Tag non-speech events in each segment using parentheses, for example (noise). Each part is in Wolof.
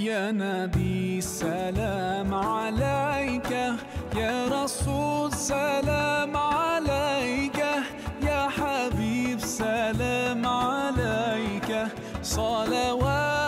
يا نبي سلام عليك يا رسول سلام عليك يا حبيب سلام عليك صلوات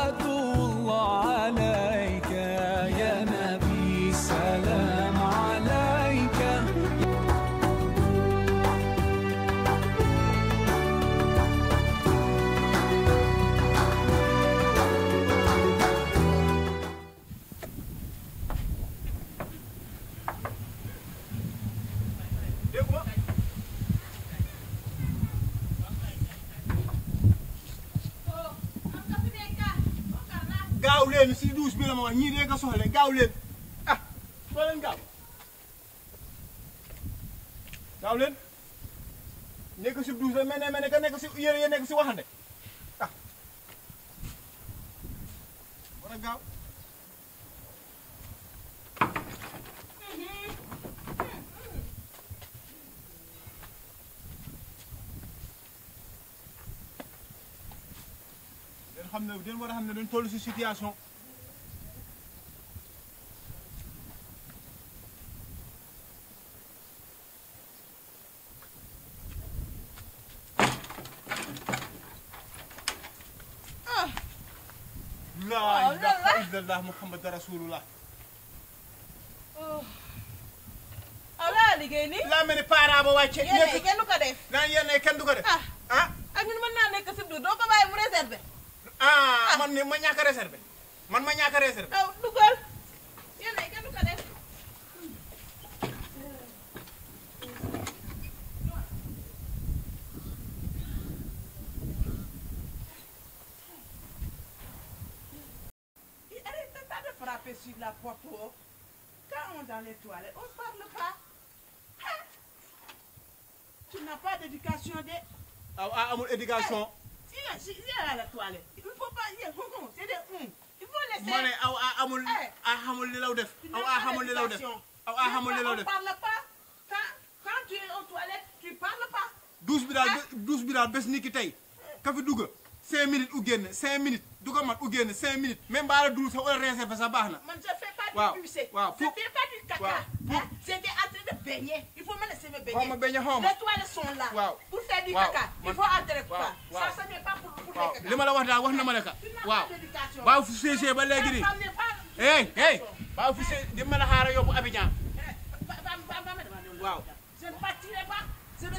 douche ñii dee ko soxla gaaw leen ah soo leen gaaw leen nekk si douche la mel ne ka nekk si yére ya nekk si waxande ah war a gaaw xam ne den xam ne dañ toll si situation laa ilaaha illallah muhammad rasulullah oh. laa liggéey nii. laa ni parent ba wàcce. yéen kenn du ko def. naan yéen kenn du ko def. Ah. ah ak ñun mën naa nekk si biir doo ko bàyyi mu réservé. ah, ah. man ma ñàkk a réservé man ma ñàkk a réservé. waaw dugal. taper sur la porte quand on est dans les toilettes, on ne parle pas. Hein? Tu n'as pas d'éducation de... Ah, ah, mon éducation. Eh, si il viens à la toilette, il ne faut pas... Hum, hum, c'est des hum. Il faut laisser... Mané, ah, ah, amul, ah, amul, les laudef. Ah, ah, amul, les Ah, ah, On ne parle pas. Quand, tu es aux toilettes, tu ne parles pas. 12 bidal, 12 bidal, bes douga, 5 minutes ou gen, 5 minutes. du ko u génn cinq minutes même baala dul sax wala réservé sax baax na. man je fais pas du buisé. waaw waaw je ah, ma baigner xaw ma les toilettes wax daal wax na ma la ka. waaw waaw fu séesee ba léegi nii. hey hey waaw fu séesee di ma la xaaral yóbbu Abidjan. Eh, waaw. je ne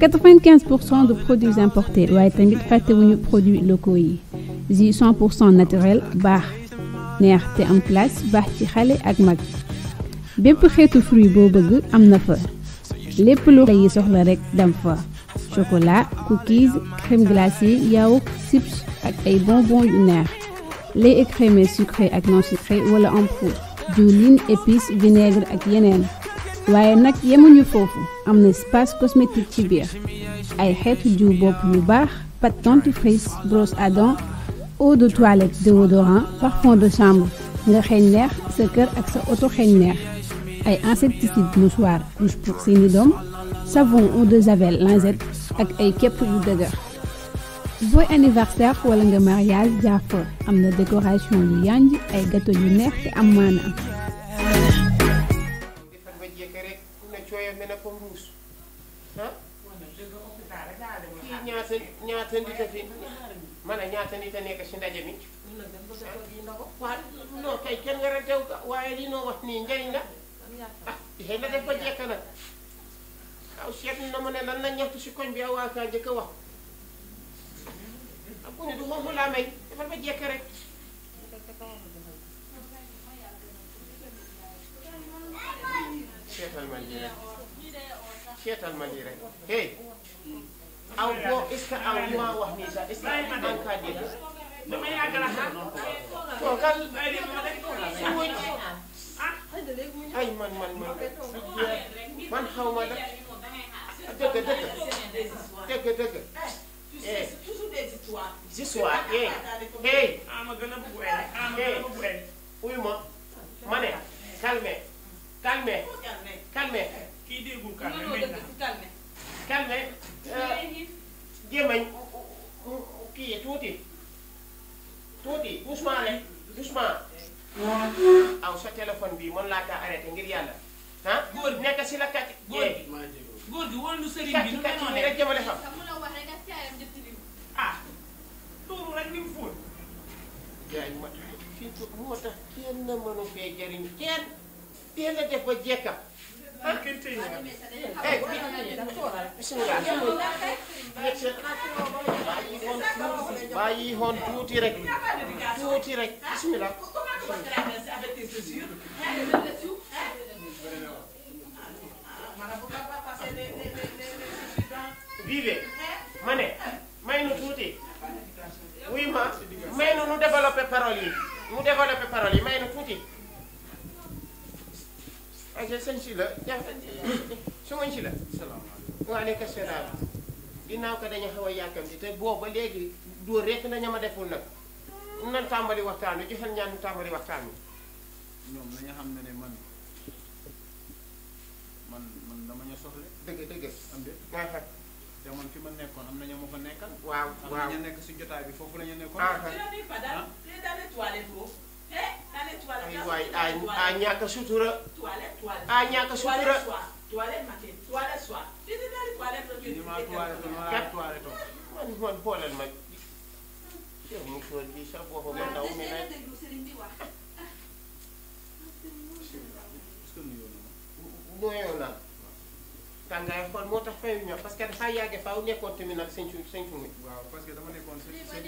95% de produits importés waaye tamit des produits locaux yi 100% naturel baax neex en en place baax ci xale ak mag pour xeetu fruits boo bëgg am na fa lépp lu xale yi soxla rek dem fa chocolat cookies crème glacée yaourt chips et bonbons yu neex Les écrémé sucré et non sucré wala en poudre diwlin épices vinaigre et yeneen waaye nag yemuñu foofu am na espace cosmétique ci biir ay xeetu jiw bopp yu baax pâte dentifrice brosse à dents eau de toilette déodorant parfum de chambre nga xeeñ neex sa kër ak sa auto xeeñ neex ay insecticide mouchoir douche pour seeni doom savon eau de javel lingette ak ay képp yu dëgër booy anniversaire wala nga mariage jaar fa am na décoration yu yanj ay gâteau yu neex te am maana weer nga ne ko mbuus ah fii ñaata ñaata nit a fi man a ñaata nit a nekk si ndaje mi waaw non kay kenn war a teew waaye li noo wax nii njëriñ la ah xëy na def ko jekk nag waaw seetlu na mu lan la ñaxtu si koñ bi ak waa kaa njëkk a wax ah, du moom laa may dafa ba jekk rek seetal man seetal ma lii rek hey aw boo est-ce que aw li wax nii sax est-ce que maa ngi kaa dégg. ay man man man man xaw ma nag dëgg dëgg dëgg dëgg. eh. histoire sëriñ bi nu meloon rek jama defam ah tuuru rek li mu moo tax kenn mënu fee jariñ kenn teel a def ba jekkam ah, ah. kenn tey ñaar eh bisimilah bàyyi xoon tuuti rek tuuti vive mané ne may nu tuuti oui ma may nu nu développé parole nous développer développé parole yi may nu tuuti aje sëñ si la su ma si la waaleykum salaam ginnaaw ko dañu xawa yakam di te booba legui do rek na ñama deful nak nan tambali waxtanu ci joxal ñaan tambali waxtanu ñom nañu xam na ne man man man dama ñu soxle deug deug am de fa nekkal. waaw waaw am na ñu nekk si jotaay bi foofu la ñu nekkoon. ah ah waay ah ah ñàkk a sutura. ah ñàkk a sutura. man man booleel ma. yow monsieur bi sa bopp ah, ma ndaw mi nag. nuyoo naa. tàngaay xool moo tax fayuñu ñor parce que dafa yàgg faaw nekkoon tamit nag seen suñ seen suñu. waaw parce que dama nekkoon seen seen suñu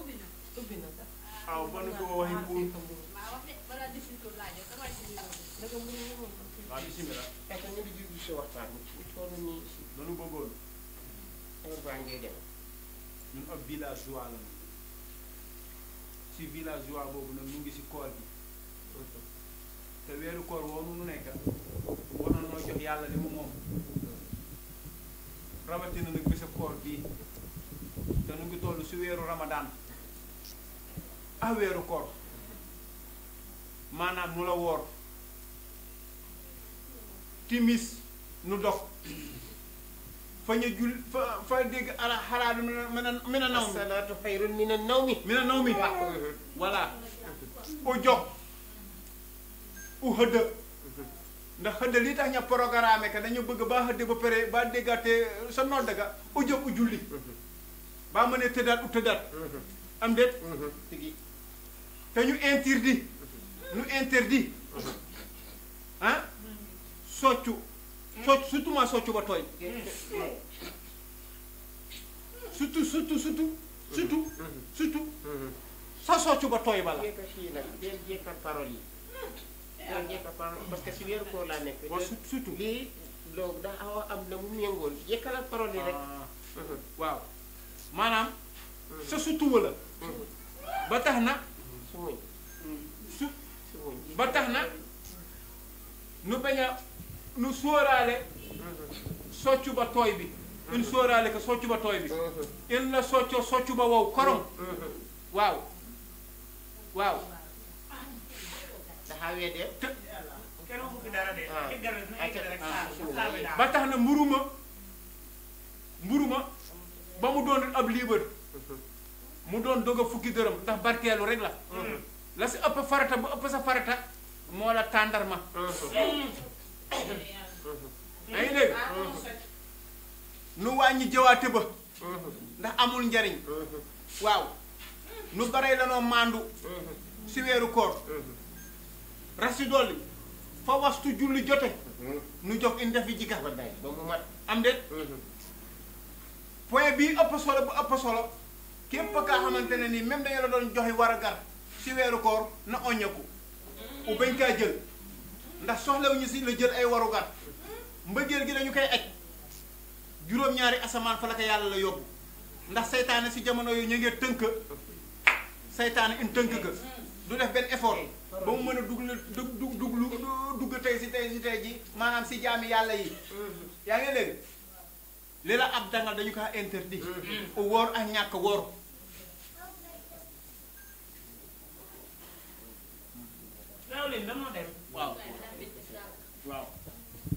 ubbi na ubbi na sax. waaw ban ko waxee ah, buur. waaw wax dëgg balaa di suñ ko laajee dama ci dëgg mu ngi woon. waaw bisimilah. parce que ñu ngi jublu si waxtaan bi. toll nii si. loolu bëggoon. heure baa ngay dem. ñun ab villageois la si villageois boobu nag mu ngi si koor bi. te weeru koor woonu nu nekk war na noo jox yàlla li mu moom rawatina nag bésab koor bii te nu ngi toll si weeru ramadaan ah weeru koor maanaam nu la woor timis nu dox fa ñu jul fa fa dégg ala xalaatu mën a mën a naw mi. asalaatu xayrun naw mi. mina naw jox. u xëdda ndax xëdda lii tax ña programme que dañu bëgg baa xëdde ba pare baa déggaatee sa nodd ga u jóg u julli baa mënee tëddaat u tëddaat am déet tigi te ñu interdit ñu interdit ah soccu soccu surtout soccu ba tooy surtout surtout surtout surtout surtout sa soccu ba tooy bala parce ah, que si weeru koor laa nekk. surtout lii na mu méngool waaw maanaam. sa sutura la. ba tax na. su ba tax na nu bañ nu sóoraale. soccu ba tooy bi. une sóoraale ko soccu ba tooy bi. in la soccoo soccu ba wow korom. waaw waaw. AVD të ah. ah. ba tax na mburu mburuma ba mu doon ab liibar mu doon dog a fukki dërëm ndax barkeelu rek la mm-hmm. la si ëpp farata bu ëpp sa farata moo la tàndarma mm-hmm. yaa ngi mm-hmm. nu wàññi jawaate ba ndax amul njariñ waaw nu barey lanoo màndu si weeru koor rasi dolli fa wastu julli jote hmm. nu jox in defi jiga ba day ba mu mat am de hmm. point bi ëpp solo bu ëpp solo képp ka xamantene ni même nga la doon joxe wara gar ci wéru koor na oññaku hmm. u bañ ka jël ndax soxlawuñu si la jël ay waru gar mbeugël gi dañu kay aj juroom ñaari asaman fa la ka yalla la yobbu ndax si jamono yu ñu ngi teunk seytaane in teunk ga du def ben effort ba mu mën a duglu dug duglu dugg tey si tey si tey ji maanaam si jaami yàlla yi mm-hmm. yaa ngi dégg li la ab dangal dañu kaa interdit mm-hmm. woor ak ñàkk woor waaw waaw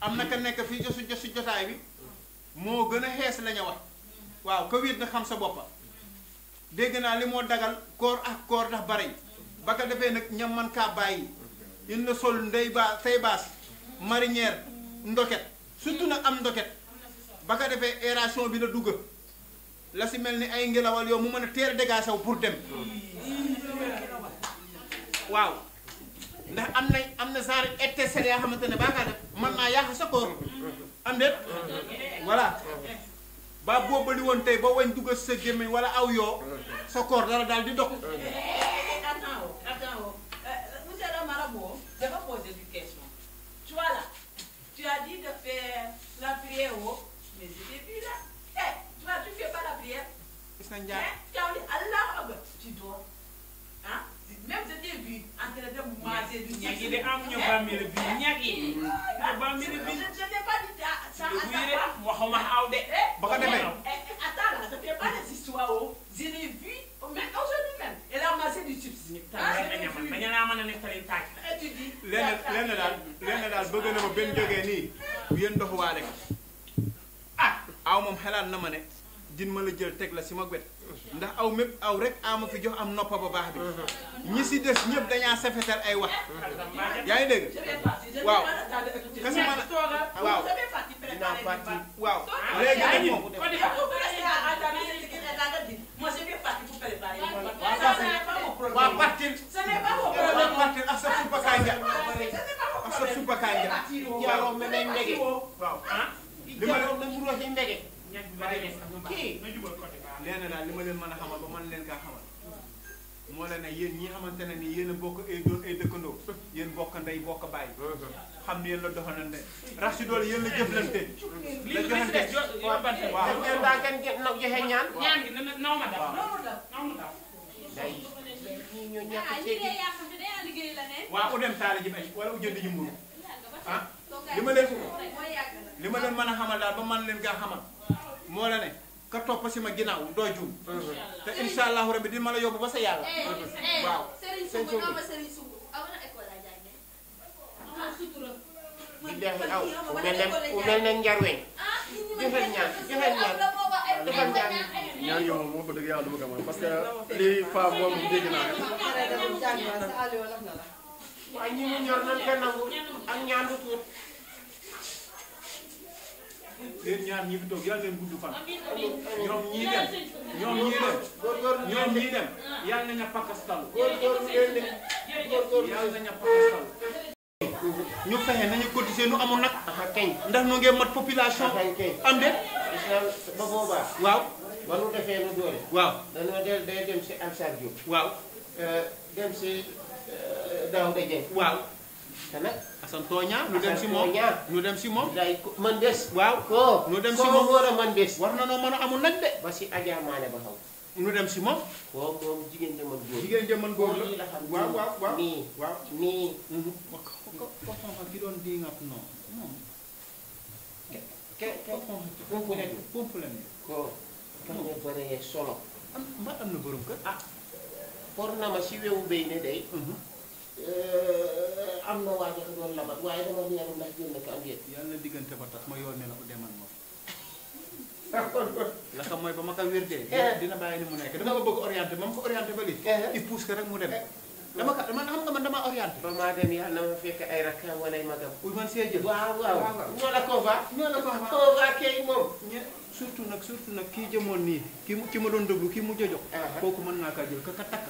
am na ka nekk fii josu josu jotaay bi moo gën a xees lañu wax mm-hmm. waaw ka wéet na xam sa boppa dégg naa li moo dagal koor ak koor ndax bari baka defé nyaman kabai, ñam man ka bayyi il na sol ndey ba tay baas marinière ndoket surtout na am ndoket baka defé aération bi na dugg la ci melni ay ngelawal yo mu meuna téré teel pour dem waaw ndax am na am na genre ne def man na yàq sa koor am déet voilà ba won tay ba wañ dugg sa wala aw yo, sa koor dara dal di dok. prière, Mais j'ai vu là. tu fais pas la prière. Hein? Tu as dit Allah, tu dois, Hein? Même vu, de manger du Je pas dit ça Attends là, pas des histoires, vu, aujourd'hui même. Elle a du Et tu dis. Lenn tu bëgg ma xelaat na ma ne din ma la jël teg la si ma wet ndax aw mépp aw rek a fi jox am noppa ba baax bi ñi si des ñëpp dañaa safetal ay wax yaa ngi dégg waaw kasi man waaw dinaa parti waaw léegi nag moom waa partir waa partir ak sa suppa kanja ak sa suppa kanja waaw li ma la kii nee na daal li ma leen mën a xamal ba mën leen kaa xamal hmm. moo la ne yéen ñi xamante ne ni yéen a bokk ay doon ay dëkkandoo yéen bokk ndey bokk bàyyi xam ne yéen la doxalante rax si doole yéen la jëflante la joxante waaw yéen daa gën joxe ñaan ñaan gi naw ma daf naw ma daf day ñii ñoo ñàkk ceegi waaw u dem taala ji bay wala u jënd ji mburu ah li ma leen li ma leen mën a xamal daal ba mën leen kaa xamal moo la ne ka topp si ma ginnaaw doo juum. te incha allahu rabi di ma la yóbbu ba sa yàlla. waaw sëriñ Sougou non ma sëriñ Sougou aw na école laa ñaan joxeel ñaan ñaan. ñaan yow moom yàlla dama ko mën parce que lii fa moom dégg naa ko. waaye ñi mu ñor nañ ko nangu ak ñaan bu tuut. leen ñaar ñi fi toog yàlla leen gudd fan. ñoom ñii dem ñoom ñii dem. yàlla nañu pakastal. yàlla ñu fexe nañu cotiser nu amul nag. ndax nu mat population. am de. ba boobaa. waaw. ba nu defee nu doole. waaw dañoo del day dem si Ansar Diop. waaw. Euh, dem si euh, Daouda Dieng. waaw. karena nag asan nudem si moom nu si moom day man des waaw ko nu si moom war a man des war amul nag de ba si ajaamaane ba xaw nu si moom ko moom jigéen de man góor jigéen ko ki di ngap non moom ke ke pompe la pompe la ko ka nga bare solo ah por na ma si wewu Eh, am na waaje ko doon labat waaye dama ñeeru ndax génn ko am yéen yàlla diggante ba tax ma yoon ne Eh, ko demal moom (laughs) la xam mooy ba ma ko wérdee eh. dina bàyyi ni mu nekk dama ko bëgg orienté ma ma ko orienté ba li eh. il pousse ko rek mu dem dama ko man xam nga man dama orienté ba maa dem yàlla na ma fekk ay rakkam wala ay magam uy man see jël waaw waaw ñoo la ko va ñoo la ko va ko va kay moom surtout nag surtout nag kii jëmoon nii kii ki ma doon déglu kii mu jojo kooku mën naa kaa jël ka ka takk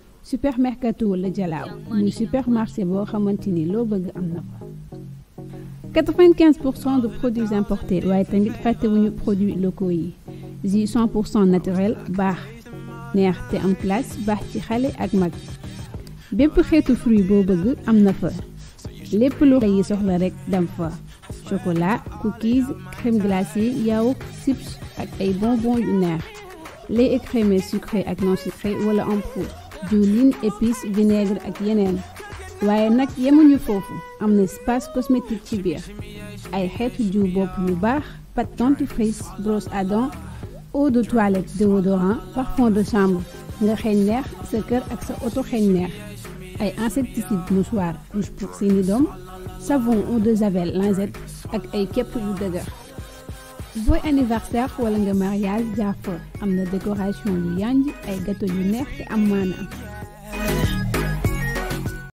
supermercato wala jalaaw muy supermarché boo xamante ni loo bëgg am na 95 de produits importés waaye tamit wuñu produits locaux yi 100 naturel baax neex te am place baax ci xale ak mag bépp xeetu fruit boo bëgg am na fa lépp lu yi soxla rek dem fa chocolat cookies crème glacée yaourt chips ak ay bonbons yu neex Les crèmes sucrées ak non sucrées wala en poudre diwlin épices vinaigre ak yeneen waaye nag yemuñu foofu am na cosmétique ci biir ay xeetu diw bopp yu baax pâte dentifrice brosse à dents eau de toilette déodorant parfum de chambre nga xeeñ neex sa kër ak sa auto xeeñ neex ay insecticide mouchoir couche pour seeni savon eau de javel linzette ak ay képp yu dëgër booy anniversaire wala nga mariage jàpp am na décoration yu yanj ay gâteau yu neex te am maanaam